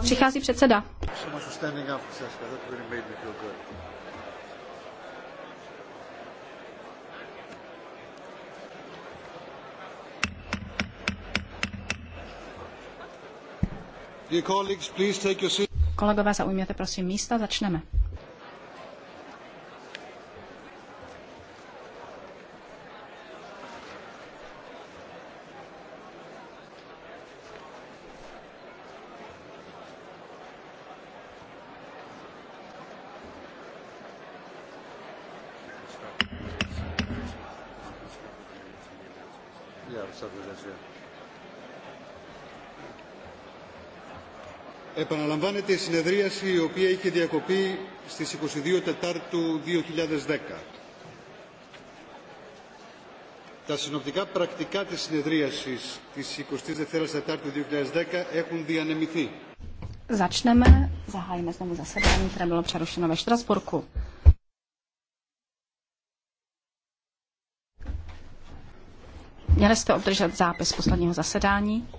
Přichází předseda. Kolegové, zaujměte prosím místa, začneme. Επαναλαμβάνεται η συνεδρίαση η οποία είχε διακοπεί στις 22 Τετάρτου 2010. Τα συνοπτικά πρακτικά της συνεδρίασης της 22 Τετάρτου 2010 έχουν διανεμηθεί. Začneme, zahájíme znovu zasedání, které bylo přerušeno ve Štrasburku. Měli jste obdržet zápis posledního zasedání?